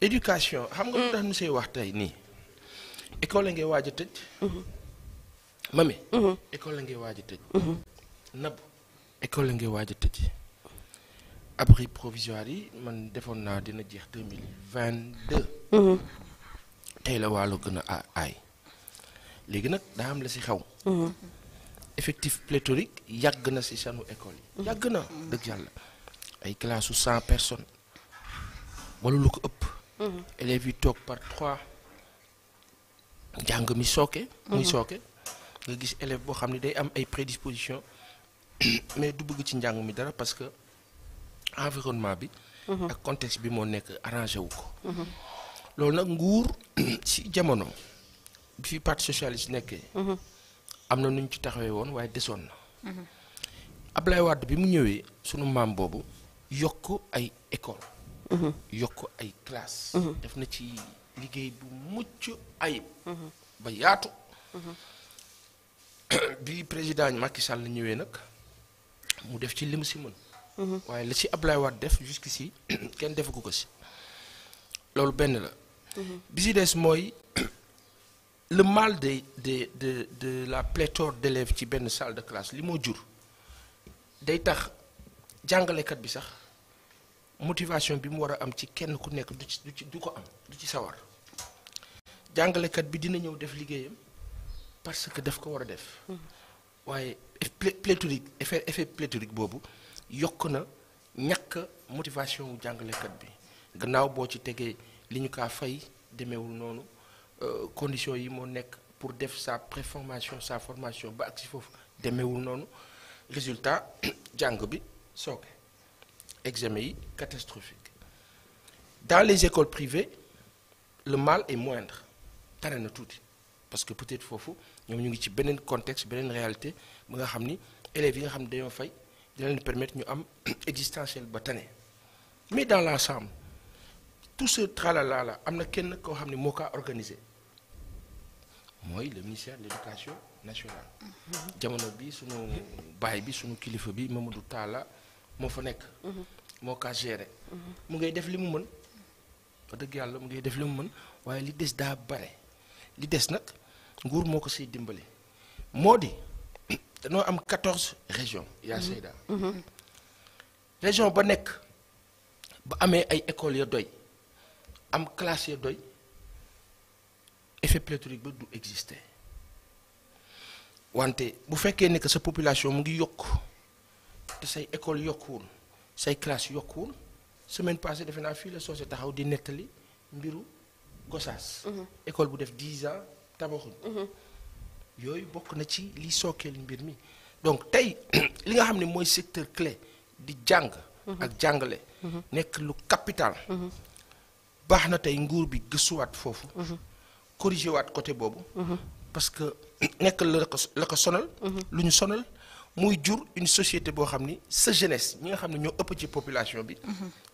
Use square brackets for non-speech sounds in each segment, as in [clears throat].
éducation xam nga lu mm. tax ñu say wax tey nii école la ngay waaja a tëj mm-hmm. mami mm-hmm. école ngay waaj a tëj mm-hmm. nab école la ngay waaja a tëj abri provisoire yi man defoon naa dina jeex deux mille vingt deux tey la wàllu gën a aay léegi nag daa am la si xew effectif pléthorique yàgg na si sanu école yi yàgg na dëgg yàlla ay classe su personnes wala lu ko ëpp Mm-hmm. élèves yi toog par trois jàng mi sooke muy mm-hmm. sooke nga gis élève boo xam ne day am ay prédisposition [coughs] mais du bëgg ci njàng mi dara parce que environnement bi mm-hmm. ak contexte bi moo nekk arrangé wu ko loolu nag nguur [coughs] ci jamono bi fi parti socialiste nekkee am na nu ñu ci taxawee woon waaye desoon na Ablaye Wade bi mu ñëwee sunu maam boobu yokk ay école yokk ay classe mm-hmm. def na ci liggéey bu mucc ayib ba yaatu [coughs] bi président Macky Sall ñëwee nag mu def ci li mu si mën mm-hmm. waaye la ci Ablaye Wade def si [coughs] kenn defagu ko si loolu benn la mm-hmm. bi si des mooy [coughs] le mal de de de de la pléthore d'élèves ci benn salle de classe li moo jur day tax jàngalekat bi sax motivation bi mu war a am ci kenn ku nekk du ci du ci du ko am du ci sawar jàngalekat bi dina ñëw def liggéeyam parce que daf ko war a def waaye pléthorique effet effet pléthorique boobu yokk na ñàkk motivation wu jàngalekat bi gannaaw boo ci tegee li ñu kaa fay demeewul noonu euh, condition yi moo nekk pour def sa préformation sa formation ba ak si foofu demeewul noonu résultat [clears throat] jàng bi sooke examen yi catastrophique dans les écoles privées le mal est moindre tane na tuuti parce que peut-être foofu ñoom ñu ngi ci beneen contexte beneen réalité ba nga xam ni élèves yi nga xam ne dañoo fay dina leen permettre ñu am [clears throat] existentiel ba tane mais dans l'ensemble tout ce tralala la am na kenn koo xam ne moo kaa organisé mooy le ministère de l'éducation nationale mm-hmm. jamono bi sunu baay bi sunu kilifa bi Mamadou Talla moo fa nekk. Mhm. moo kaa géré. mu ngay def li mu mën. dëgg yàlla mu ngay def li mu mën waaye li des daa bare li des nag nguur moo ko siy dimbali moo di [clears throat] danoo am quatorze régions. yaa mhm. Seyda. Mhm. région ba nekk ba amee ay écoles ya doy am classe ya doy effet pléthorique ba du exister wante bu fekkee ne que sa population mu ngi yokk. te say école yokkuwul say classe yokkuwul semaine passée defe naa fii la soose taxaw di nettali mbiru Gossas. Mhm. école bu def dix ans tabaxuñ. Mhm. yooyu bokk na ci li sookeel mbir mi donc tey [clears throat] li nga xam ne mooy secteur clé di jàng. Mhm. ak jàngale. nekk lu capital. baax na tey nguur bi gëstuwaat foofu. corrigé waat côté boobu. parce [clears throat] nekk la ko sonal. lu ñu sonal. muy jur une société boo xam ni sa jeunesse ñi nga xam ne ñoo ëpp ci population bi.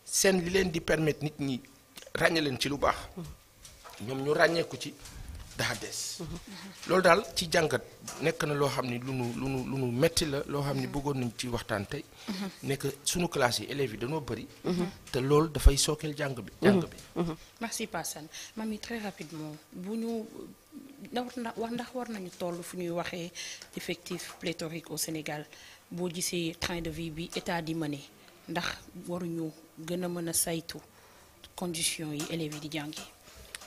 seen li leen di permettre nit ñi ràññee leen ci lu baax. ñoom ñu ràññeeku ci daa des. loolu daal ci jàngat nekk na loo xam ni lu nu lu nu lu metti la loo xam ni bëggoon nañ ci waxtaan tey. nekk sunu classe yi élèves yi dañoo bëri. te loolu dafay sookeel jàng bi. jàng bi. merci Passane mami très rapidement bu ñu ndax ndax war nañu toll fu ñuy waxee effectif pléthorique au Sénégal boo gisee train de vie bi état di mëne ndax waruñu gën a mën a saytu condition yi élèves yi di jànge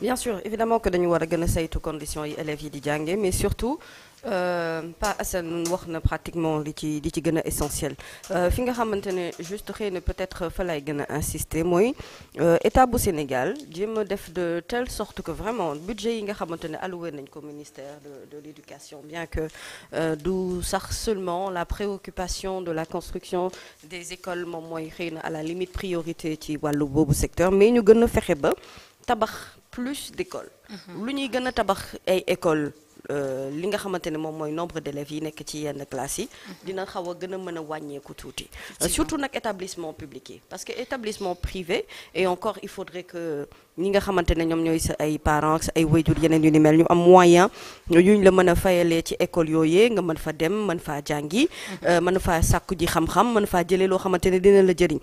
bien sûr évidemment que dañu war a gën a saytu conditions yi élève yi di jànge mais surtout Euh, pa Assane wax na pratiquement li ci li ci gën a essentiel euh, fi nga xamante ne juste xëy na peut-être fa lay gën a insister mooy euh, état bu Sénégal jéem a def de telle sorte que vraiment budget yi nga xamante ne alloué nañ ko ministère de de l'éducation bien que du sax seulement la préoccupation de la construction des écoles moom mooy xëy na à la limite priorité ci wàllu boobu secteur mais ñu gën a fexe ba tabax plus d'écoles mhm. lu ñuy gën a tabax ay écoles Euh, li nga xamante ne moom mooy nombre d'élèves yi nekk ci yenn classes yi mhm. dina xaw a gën a mën a wàññeeku tuuti euh, surtout nag établissement public yi parce que établissement privé et encore il faudrait que ñi nga xamante ne ñoom ñooy sa ay parents sa ay wayjur yeneen yu ni mel ñu am moyen yuñ la mën a fayalee ci école yooyee nga mën fa dem mën faa jàngi mhm. euh, mën faa sàkku ji xam-xam mën faa jëlee loo xamante ne dina la jëriñ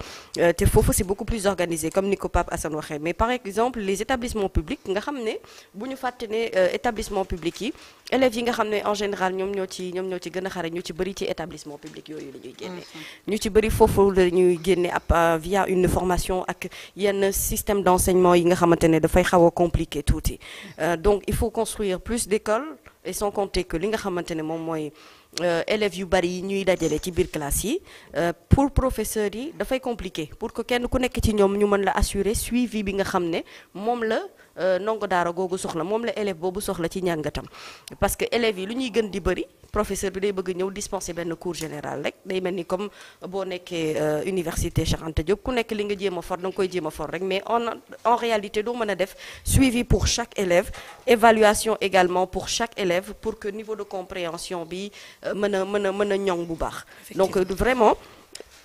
te foofu c'est beaucoup plus organisé comme ni ko Pape Assane waxee mais par exemple les établissements publics nga xam ne bu ñu fàtte ne établissement public yi élèves yi nga xam ne en général ñoom ñoo ci ñoom ñoo ci gën a xare ñu ci bëri ci établissement public yooyu la ñuy génne mm-hmm. ñu ci bëri foofu la ñuy génne ab euh, via une formation ak yenn système d'enseignement yi nga xamante ne dafay xaw a tuuti euh, donc il faut construire plus d'écoles et sans compter que li nga xamante ne moom mooy euh, élèves yu bari yi ñuy dajale ci biir classe yi pour professeurs yi dafay compliqué pour que kenn ku nekk ci ñoom ñu mën la assurer suivi bi nga xam ne moom la Euh, ndongo daara googu soxla moom la élève boobu soxla ci ñàngatam parce que élèves yi lu ñuy gën di bëri professeur bi day bëgg ñëw dispenser benn cours général rek day mel ni comme boo nekkee euh, université Cheikh Anta ku nekk li nga jéem a for da nga koy jéem a for rek mais en en réalité doo mën a def suivi pour chaque élève évaluation également pour chaque élève pour que niveau de compréhension bi euh, mën a mën a mën a ñoŋ bu baax donc vraiment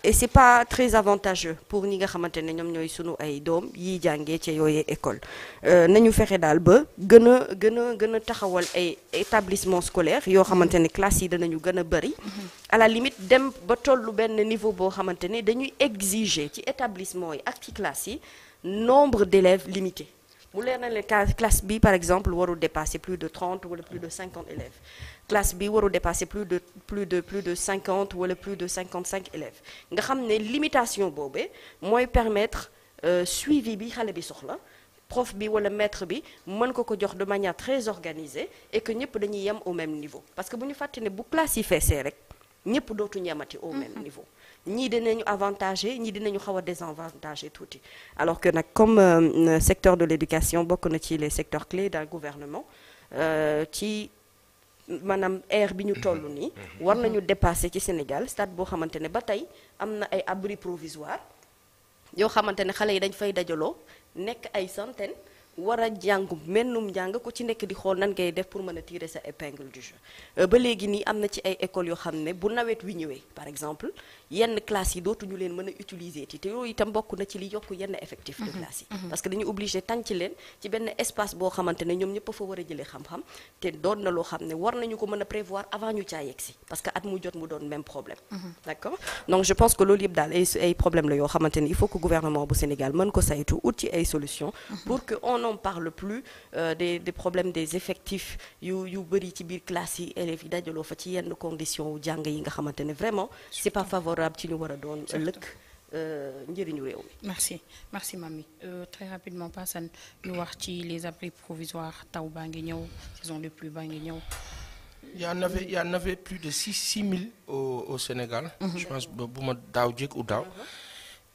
et c'est pas très avantageux pour ñi nga xamante ne ñoom ñooy sunu ay doom yiy jàngee ca yooyee école euh, nañu fexe daal ba gën a gën a gën a taxawal ay établissement scolaire yoo xamante ne classes yi danañu gën a bëri mm-hmm. à la limite dem ba tollu benn niveau boo xamante ne dañuy exiger ci établissement yi ak ci classes yi nombre d'élèves limité bu leer na le classe bi par exemple warul dépasser plus de 30 wala plus de 50 élèves classe bi warul dépasser plus de plus de plus wala plus de 55 élèves nga xam ne limitation boobee mooy permettre euh, suivi bi xale bi soxla prof bi wala metre bi mën ko ko jox de manière très organisée et que ñëpp dañuy yem au même niveau parce que bu ñu fàtte ne bu classe yi feesee rek ñëpp dootuñu ñamati au même mm-hmm. niveau ñii dinañu avantagé ñii dinañu xaw a désavantagé tuuti alors que nag comme euh, secteur de l'éducation bokk na ci les secteurs clés d'un gouvernement euh, ci maanaam aire bi ñu mm-hmm. toll nii mm-hmm. war nañu dépasser ci Sénégal stade boo xamante ne ba tey am na ay abri provisoire yoo xamante ne xale yi dañ fay dajaloo nekk ay centaines war a mennum njàng ku ci nekk di xool nan ngay def pour mën a tirer sa épingle du jeu euh, ba léegi nii am na ci ay écoles yoo xam ne bu nawet wi ñëwee par exemple yenn classes yi dootuñu leen mën a utiliser ti te yooyu itam bokk na ci li yokk yenn effectif de mhm, classe yi mhm. parce que dañu obligé tànc leen ci benn espace boo xamante ñoom ñëpp fa war a jëlee xam-xam te doon na loo xam ne war nañu ko mën a prévoir avant ñu caa yegg si parce que n'en parle plus euh, des des problèmes des effectifs yu yu bëri ci biir classe yi dajaloo fa ci yenn condition wu jàng yi nga xamante ne vraiment c'est pas favorable ci ñu war a doon ëllëg euh, njëriñu réew mi. merci mami euh, très rapidement Passane ñu wax ci les abris provisoires taw baa ngi ñëw saison de pluie baa ngi ñëw. y en plus de six six mille au au Sénégal. Mm -hmm. je pense bu ma daaw jékku daaw.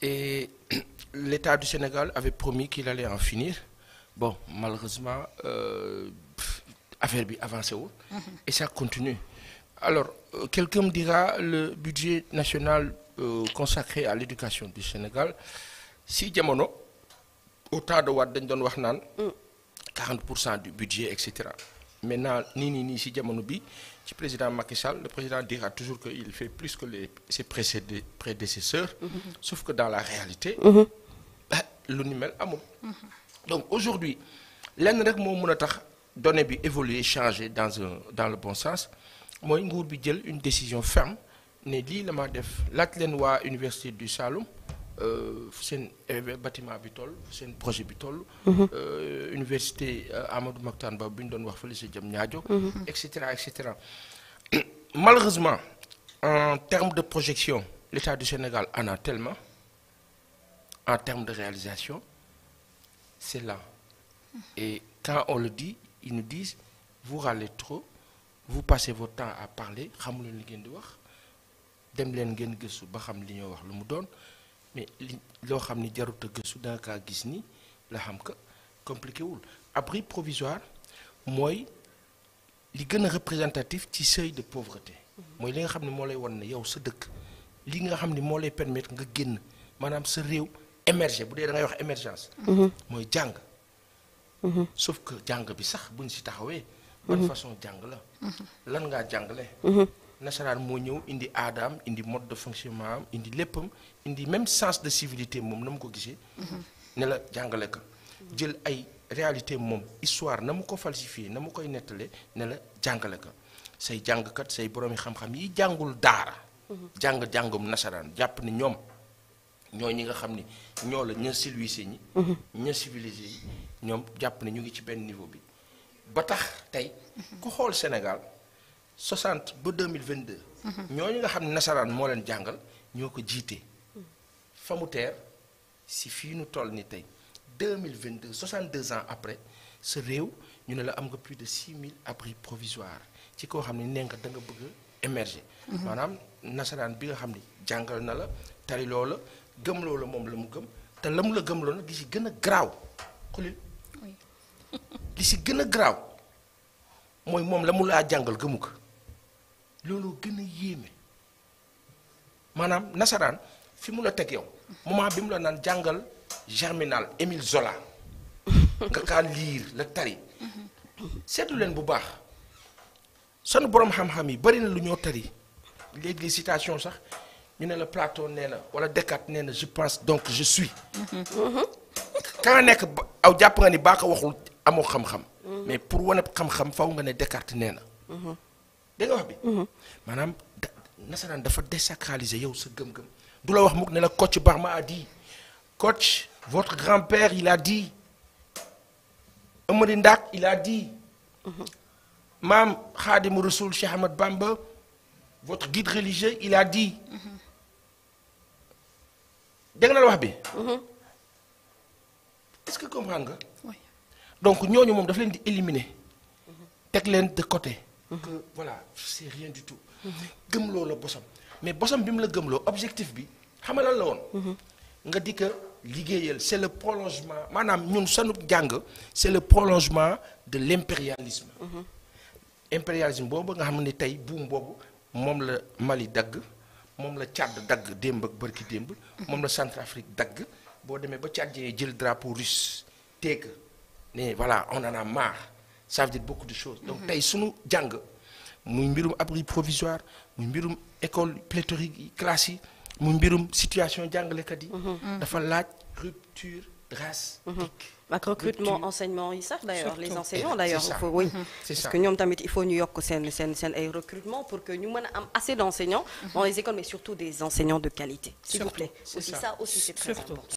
et [clears throat] l'état du Sénégal avait promis qu'il allait en finir. bon malheureusement euh, pff, affaire bi avancé wul. Mm et ça continue alors euh, quelqu'un me dira le budget national euh, consacré à l'éducation du Sénégal si jamono au temps de Wade dañ doon wax naan. 40 mm. pour cent du budget et cetera maintenant ni nii nii si jamono bi ci président Macky Sall le président dira toujours que il fait plus que les ses précédés prédécesseurs. Mm sauf que dans la réalité. Mm-hmm. lu ni mel donc aujourd'hui lenn rek moo mën a tax données bi évoluer changer dans un dans le bon sens mooy nguur bi jël une décision ferme ne lii la ma def laaj leen waa université du Saloum fu euh, seen bâtiment bi toll seen projet bi toll. Mhm. Euh, université euh, Amadou Mahtar Mbow bu ñu doon wax fële sa jëm ñaajo mhm. et cetera cetera [clears throat] malheureusement en terme de projection l'état du Sénégal en a tellement en termes de réalisation. c'est la Et quand on le di ils nous disent, vous râlez trop, vous passez votre temps à parler, xamu li ngeen di wax dem leen ngeen gëstu ba xam li ñoo wax lu mu doon mais li loo xam ni jarut a gëstu da kaa gis ni la xam ka compliqué wul abri provisoire mooy li gën a représentatif ci seuil de mooy li nga xam ne moo lay wan na yow sa dëkk li nga xam ne moo lay permettre nga génn maanaam sa réew. émerger bu dee da ngay wax émergence. Mhm. mooy jàng. Mhm. sauf que jàng bi sax buñ si taxawee. ban mhm. façon jàng la. lan ngaa jàngale. nasaraan moo ñëw indi aadaam indi mode de fonctionnement am indi léppam indi même sens de civilité moom na mu ko gisee. ne la jàngale ko jël ay réalité moom histoire na mu ko falsifié na mu koy nettale ne la jàngale ko say jàngkat say boroomi xam-xam yi jàngul daara. jàng jàngum nasaraan jàpp ne ñoom. ñoo ñi nga xam ni ñoo la ña civilisé ñi mm-hmm. ña civilisé ñoom jàpp ne ñu ngi ci benn niveau bi ba tax tey mm-hmm. ku xool Sénégal 60 ba mille vingt 2022 mm-hmm. ñooñu nga xam ne nasaraan moo leen jàngal ñoo ko jiite fa mu teer si fii nu toll ni tey mille 2022 deux ans après sa réew ñu ne la am nga plus de 6000 abris provisoires ci koo xam ne nee nga da nga bëgg émerger maanaam nasaraan bi nga xam ni jàngal na la tariloo la gëmloo la moom la mu gëm te la mu la gëmloo nag li si gën a garaaw xulil li si gën a garaaw mooy moom la mu laa jàngal gëmu ko looloo gën maanaam nasaraan fi mu la teg moment bi mu la naan jàngal germinal Émile Zola nga kaa liir la tari seetlu leen bu baax sunu borom xam-xam yi bari na lu ñoo tari léegi citation sax ñu ne la Platon nee na wala Descartes nee na je pense donc je suis. Mm-hmm. Mm-hmm. ka nekk aw jàpp nga ni baa ko waxul amoo xam-xam. Mm-hmm. mais pour wane xam-xam faw nga ne Descartes nee na. dégg nga wax bi. maanaam da nasaraan dafa désacraliser yow sa gëm-gëm. wax mukk ne la coach Barma a dit coach votre grand-père il a dit Amady Ndak il a dit. maam Xaadimu Rasul Cheikh Ahmad Bamba votre guide religieux il a dit. dégg na la wax bi. Mhm. est-ce que comprendre nga. donc ñooñu moom daf leen di éliminer. Mhm. teg leen de côté. Mhm. que voilà c'est rien du tout. gëmloo la bosam mais bosam bi mu la gëmloo objectif bi xam lan la woon. nga di liggéeyal c'est le prolongement maanaam ñun sanu jàng c'est le prolongement de l'impérialisme. impérialisme boobu nga xam ni tey buum boobu moom la Mali dagg. moom la Tchad dagg démb ak bërki démb moom la Centrafrique dagg boo demee ba Tchad yee jël drapeau russe teeg ne voilà on en a marre ça veut dire beaucoup de choses donc mhm. tey suñu jàng muy mbirum abri provisoire muy mbirum école pléthorique yi classe yi muy mbirum situation jàngalekat yi mhm. dafa laaj rupture drastique mhm. ak recrutement enseignement yi sax d'ailleurs les enseignants d'ailleurs oui mhm. parce que ñoom tamit il faut ñu yokk seen seen seen ay pour que ñu mën a am assez d'enseignants mhm. dans les écoles mais surtout des enseignants de qualité s'il vous plaît aussi c'est très important